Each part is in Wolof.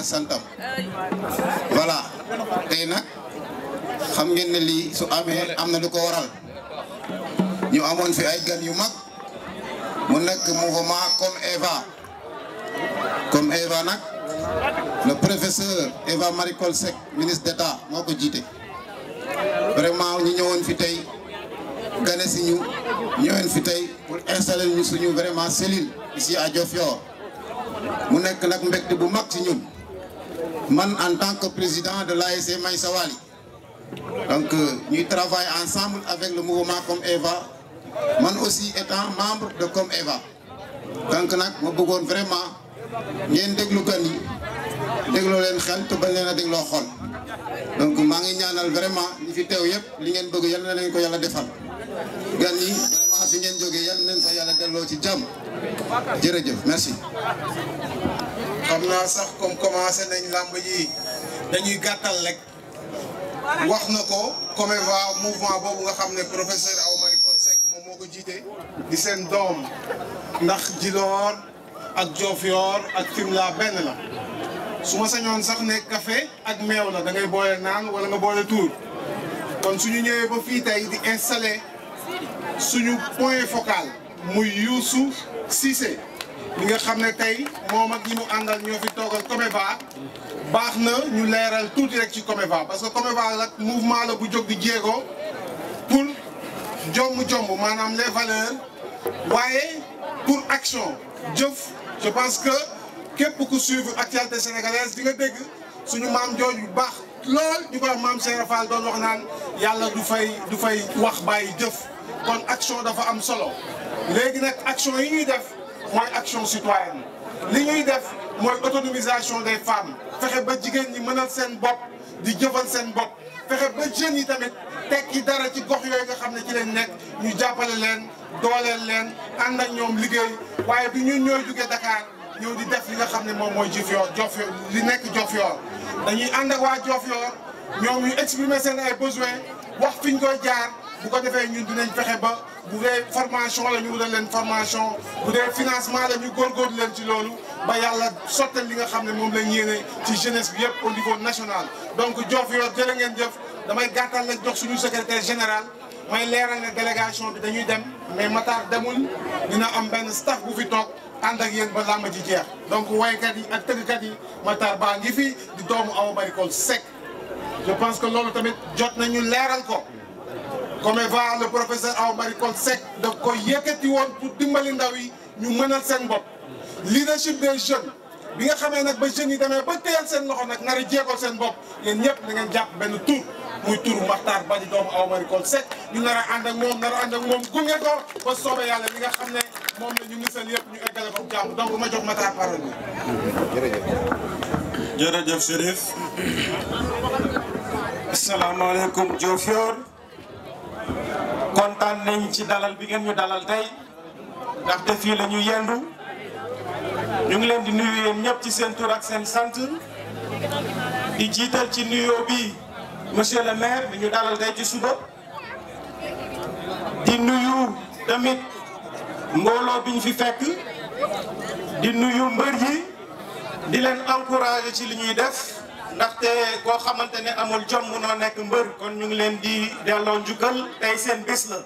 ak santam voilà tey nag xam ngeen ne lii su amee am na lu ko waral ñu amoon fi ay gan yu mag mu nekk mouvement comme Eva comme Eva nag le professeur Eva Marie Coll Seck ministre d'État moo ko jiite vraiment ñu ñëwoon fi tey gane si ñu ñëwoon fi tey pour installer ñu suñu vraiment cellule si à Diofior mu nekk nag mbégte bu mag ci ñun man en tant que président de l'ASC May Sawali donc euh, ñuy travaille ensemble avec le mouvement Comme Eva man aussi étant membre de Comme Eva donc nag ma bëggoon vraiment ngeen déglu gan yi dégloo leen xel te bañ leen dégloo xol donc maa ngi ñaanal vraiment ñi fi teew yëpp li ngeen bëgg yal na leen ko yàlla defal gan yi vraiment fi ngeen jógee yal na leen fa yàlla degloo ci jàmm jërëjëf merci xam naa sax comme commencé nañ làmb yi dañuy gàttal rek wax na ko COMEVA mouvement boobu nga xam ne professeur Aw Marie Seck moom moo ko jiite di seen doom ndax Djilor ak Diofior ak Fimela benn la su ma sañoon sax ne café ak meew la da ngay boole naan wala nga boole tuur kon suñu ñëwee ba fii tey di installé suñu point focal muy Youssou Cissé li nga xam ne tey moom ak ñi mu àndal ñoo fi toogal Comeva baax na ñu leeral tuuti rek ci Comeva parce que Comeva nag mouvement la bu jóg di jéego pour jomm jomm maanaam les valeurs waaye pour action jëf je pense que képp ku suivre actualité sénégalaise di nga dégg suñu maam jooju bu baax lool ñu ko wax maam Cheikh Fall doon wax naan yàlla du fay du fay wax bàyyi jëf kon action dafa am solo léegi nag action yi ñuy def. mooy action citoyenne li ñuy def mooy autonomisation des femmes fexe ba jigéen ñi mënal seen bopp di jëfal seen bopp fexe ba jigéen yi tamit tekki dara ci gox yooyu nga xam ne ci leen nekk ñu jàppale leen dooleel leen ànd ak ñoom liggéey waaye bi ñun ñooy jugee Dakar ñëw di def li nga xam ne moom mooy Diofior Diofior li nekk Diofior dañuy ànd ak waa Diofior ñoom ñu exprimer seen ay besoins wax fi ñu koy jaar. bu ko defee ñun dinañ fexe ba bu dee formation la ñu wutal leen formation bu dee financement la ñu góorgóorlu leen ci loolu ba yàlla sottal li nga xam ne moom lañ yéene ci jeunesse bi yëpp au niveau national. donc Diof yor jërë ngeen jëf damay gàttal lañ jox suñu secrétaire général may leeral ne délégation bi dañuy dem mais Matar demul dina am benn staff bu fi toog. ànd ak yéen ba làmb ji jeex donc waykat yi ak tëggkat yi Matar baa ngi fi di doomu Awa Barikol Seck je pense que loolu tamit jot nañu leeral ko comme va le professeur Aw Marie Coll Seck daf ko yëkkati woon pour dimbali ndaw yi ñu mënal seen bopp leadership des jeunes bi nga xamee nag ba jeunes yi demee ba téyal seen loxo nag nar a seen bopp yéen ñëpp da ngeen jàpp benn tur muy tur Maxtaar Badi doomu Aw Marie Coll Seck ñu nar a ànd ak moom nar a ànd ak moom gunge ko ba soobee yàlla li nga xam ne moom la ñu ngisal yëpp ñu eggale ko jàmm donc ma jox Maxtaar parole bi. jërëjëf. jërëjëf Chérif. asalaamaaleykum Diofior. kontaan nañ ci dalal bi ngeen ñu dalal tey ndaxte fii la ñu yendu ñu ngi leen di nuyu yéen ñëpp ci seen tur ak seen sant di jiital ci nuyoo bi monsieur le maire bi ñu dalal tey ci suba di nuyu tamit mbooloo bi ñu fi fekk di nuyu mbër yi di leen encourager ci li ñuy def ndaxte koo xamante ne amul jom noo nekk mbër kon ñu ngi leen di delloo njukkal tey seen bés la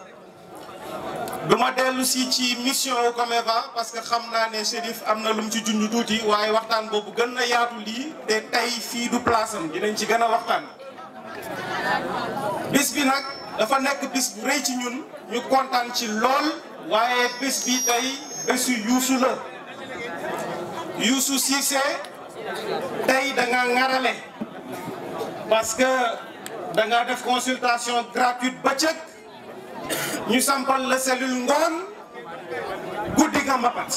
du dellu si ci mission wu Comeva parce que xam naa ne Chérif am na lu mu ci junj tuuti waaye waxtaan boobu gën na yaatu lii te tey fii du place am dinañ ci gën a waxtaan bis bi nag dafa nekk bis bu rëy ci ñun ñu kontaan ci lool waaye bis bi tey bésu Youssou la Youssou Cissé tey da nga ŋarale parce que da nga def consultation gratuite bëccëg ñu sampal la cellule ngoon guddi nga mbapat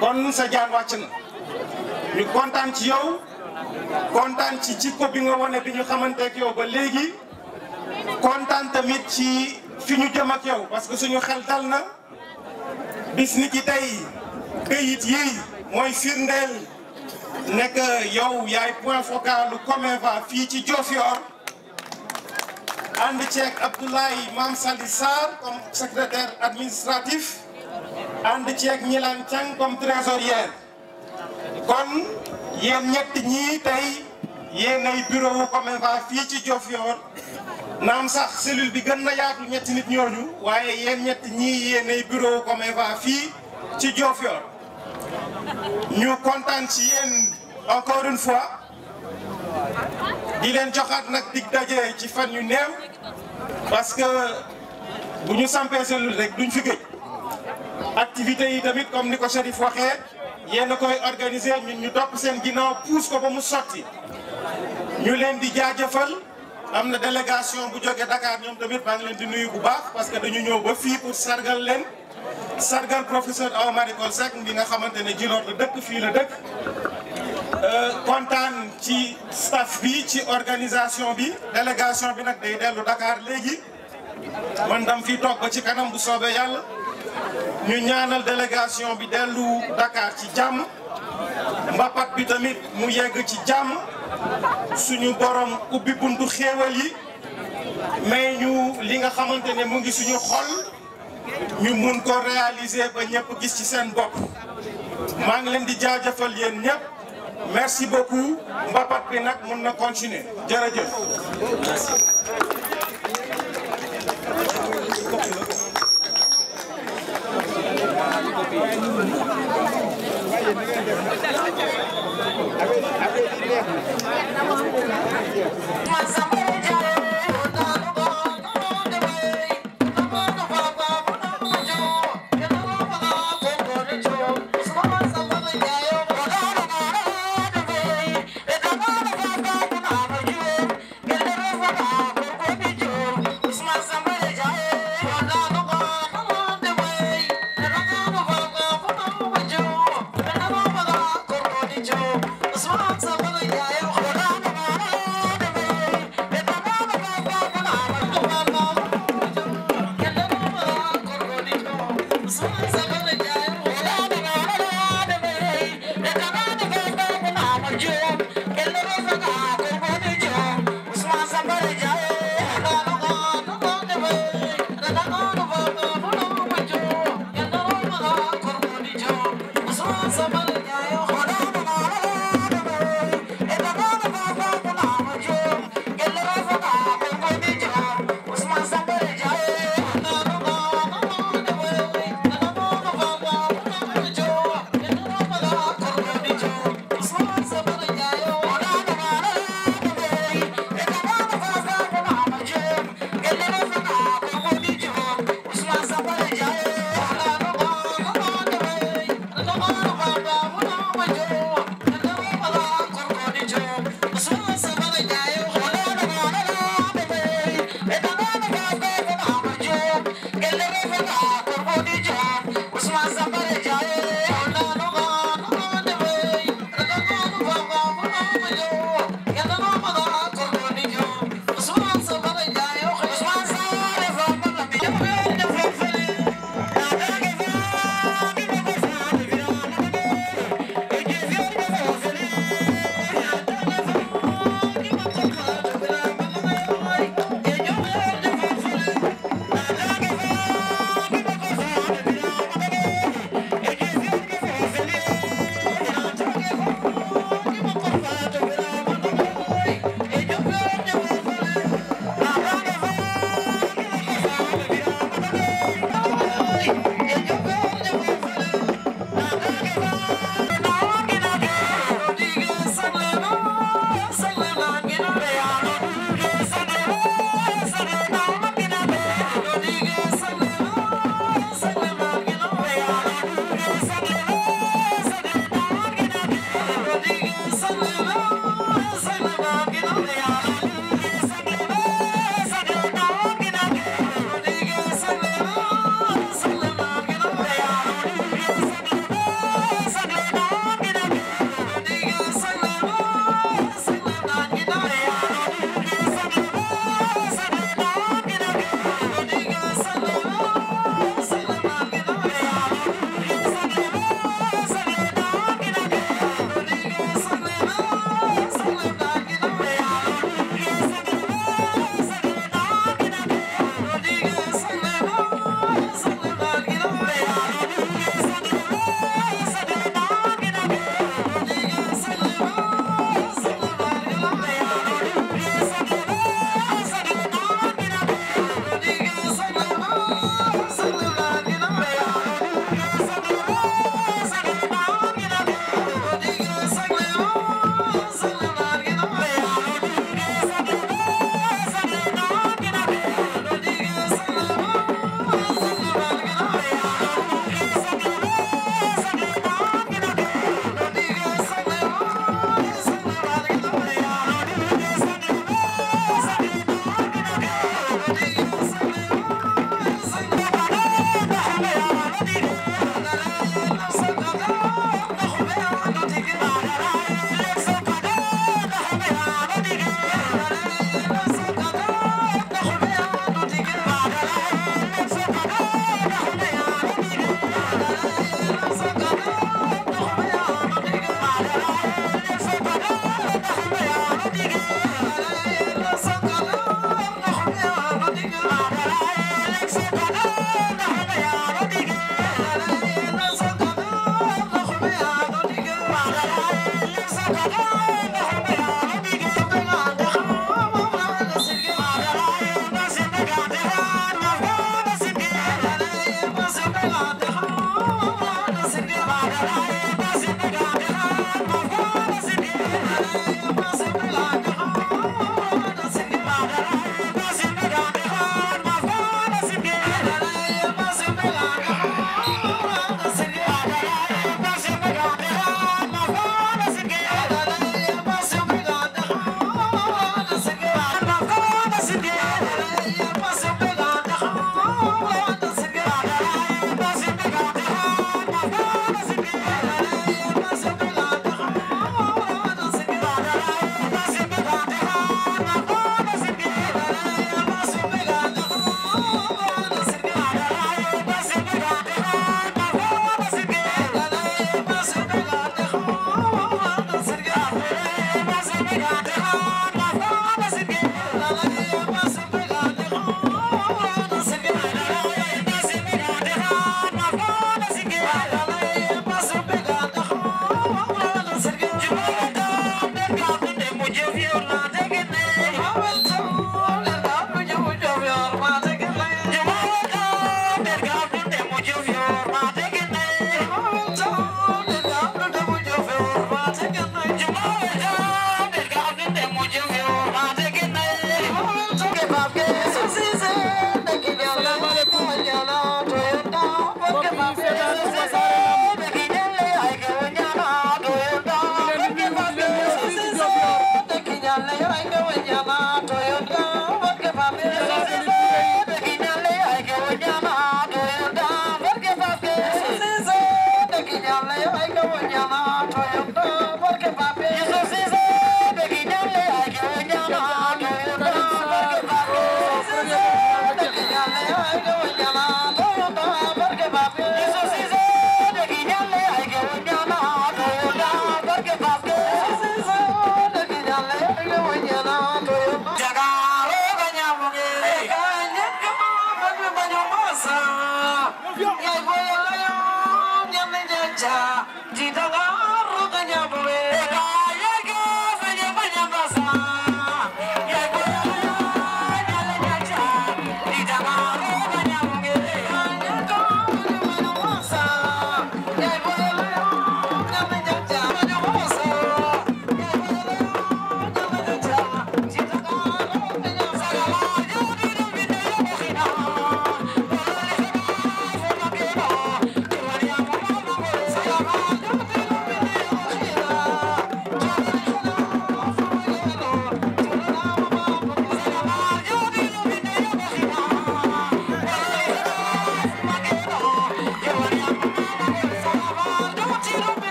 kon sa jaan wàcc na ñu kontaan ci yow kontaan ci ci ko bi nga wane bi ñu xamante ak yow ba léegi kontaan tamit ci fi ñu jëm ak yow parce que suñu xel dal na bis ni ci tey këyit yii mooy firndeel nekk yow yaay point focal lu Comeva fii ci Diofior ànd ceeg Abdoulaye Mame Sali Sarr comme secrétaire administratif ànd ceeg Ñilan Thiang comme trésorière kon yéen ñett ñii tey yéen ay bureau wu Comeva fii ci Diofior naam sax cellule bi gën na yaatu ñetti nit ñooñu waaye yéen ñett ñii yéen ay bureau wu Comeva fii ci Diofior ñu kontaan ci yéen encore une fois di leen joxaat nag dig daje ci fan yu néew parce que bu ñu sampee cellule rek duñ fi gëj activités yi tamit comme ni ko Chérif waxee yenn a koy organiser ñu topp seen ginnaaw pousse ko ba mu sotti ñu leen di jaajëfal am na délégation bu jógee Dakar ñoom tamit maa ngi leen di nuyu bu baax parce que dañu ñëw ba fii pour sargal leen sargal professeur Awa Marie Coll Seck bi nga xamante ne Djilor la dëkk fii la dëkk Euh, kontaan ci staff bi ci organisation bi délégation bi nag day dellu Dakar léegi man dam fi toog ci kanam bu soobee yàlla ñu ñaanal délégation bi dellu Dakar ci jàmm mbapat bi tamit mu yegg ci jàmm suñu boroom ubbi buntu xéewal yi may ñu li nga xamante ne mu ngi suñu xol ñu mun ko réaliser ba ñëpp gis ci seen bopp maa ngi leen di jaajëfal yéen ñëpp. merci beaucoup mbapat bi nag mun na continuer jërëjëf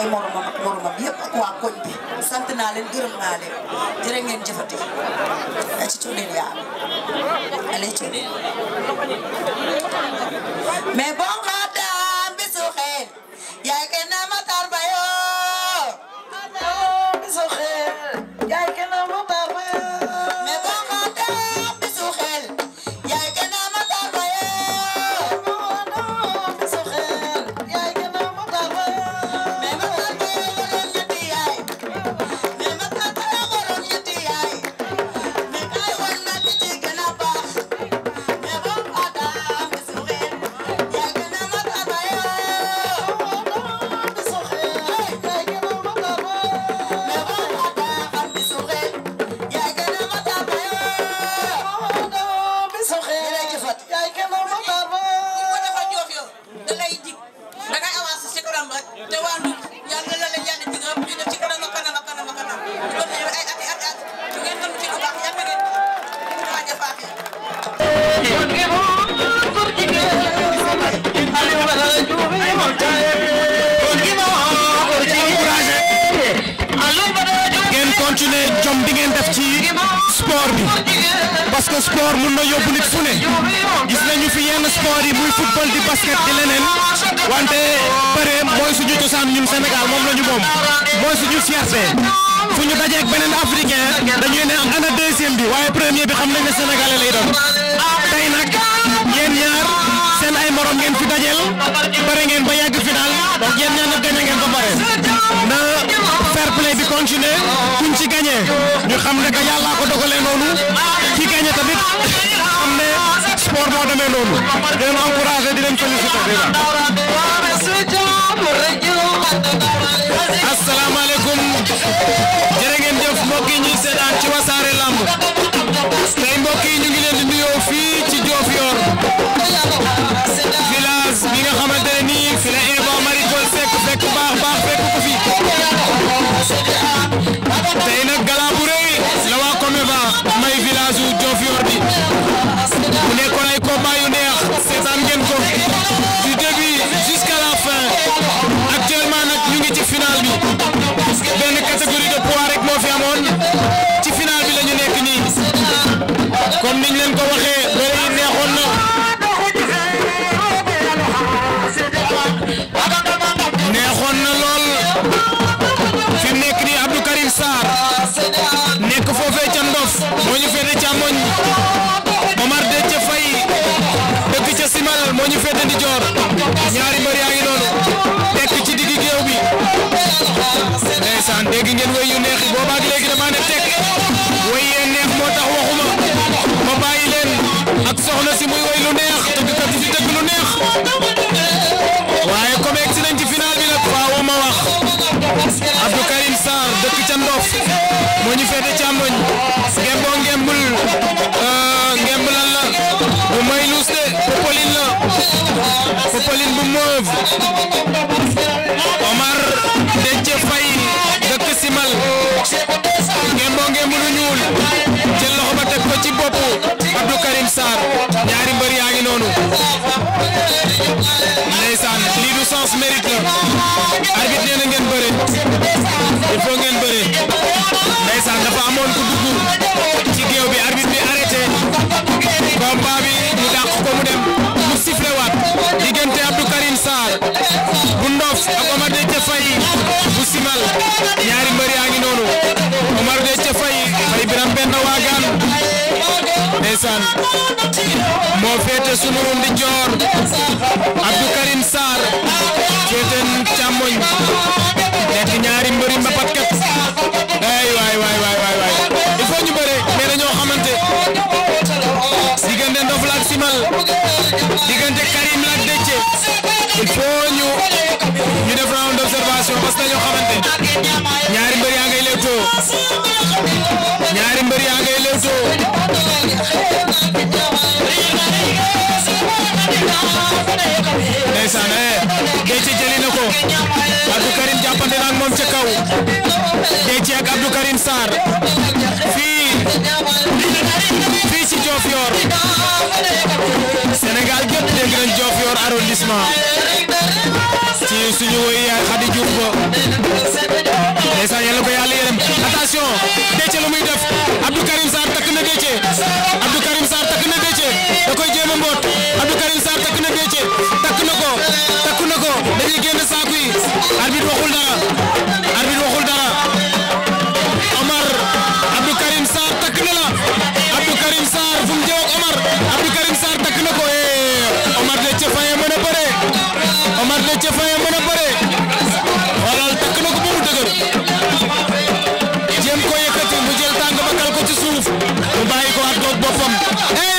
ay moromam ak moromam yëpp ak waa koñ bi sant naa leen gërëm naa leen jërë ngeen jëfati ci cuuleen yaa alay cuuleen mais bon xaataam bisu xeel yaay kenn na ma tarba ne gis nañu fi yenn sport muy football di basket di leneen wante bëre mooy suñu cosaan ñun Sénégal moom la ñu moom mooy suñu fierté fu ñu dajeeg beneen africain dañuy ne ana deuxième bi waaye premier bi xam nañ ne sénégalais lay doon nag yéen ñaar. seen ay morom ngeen fi dajeel bëre ngeen ba yàgg final yéen ñaan ñëpp gagné ngeen ba pare na fair play bi continuer kuñ ci gagné ñu xam ne que yàlla ko dogalee noonu ki gagné tamit xam ne sport moo demee noonu di leen encouragé di leen féliciter déjà. asalaamaaleykum jërë ngeen jëf mbokk yi ñuy seetaan ci wasaare lamb. tey mbokk a ñu ngi leen fii ci Diofior village bi nga xamante nii fi la Eva Marie Coll Seck fekk baax baax fekk ko fi tey comme niñ leen ko waxee bëri neexoon na moo ñu féete càmmoñ ngemboo ngembul euh, ngemb lan la bu may luus de popoline la popoline bu mauve Omar Déthié Faye dëkk Simal ngemboo ngemb lu ñuul loxo ba teg ko ci bopp Abdou Karim Sarr ñaari mbër ngi noonu ndeysaan lii du sens mérite la arbitre ngeen bëre il faut ngeen bëre ndeysaan dafa amoon ku dugg ci géew bi arbitre bi arrêté combat bi ñu dàq ko dem mu sifflé waat diggante Abdou Karim Sarr bu Ndof ak Omar Déthié Faye bu Simal ñaari mbër yaa ngi noonu Omar Déthié Faye Faye Biram benn waagaan ndeysaan moo féete sunu ndijoor attention ñaari mbër yaa ngay lewtoo ñaari mbër yaa ngay lewtoo ndeysaan eh Déthié jëli na ko Abdou Karim jàppante na ak moom ca kaw Déthié ak Karim Sarr fii fii ci Diofior Sénégal gépp dégg nañ Diofior arrondissement ci suñu woy yaay Khady Diouf ba ndeysaan yàlla ko yàlla yërëm attention Déthié lu muy def Abdou Karim Sarr takk na Déthié Abdou Karim Sarr takk na Déthié da koy jéem a mboot Abdou Karim Sarr takk na Déthié takk na ko takk na ko dañuy génn saako yi waxul dara arbitre waxul dara na ko eh Omar de Cefaye mën a a ba mu dëgër jéem ko yëkkati ba kal ko ci suuf mu bàyyi ko at boppam. Eh,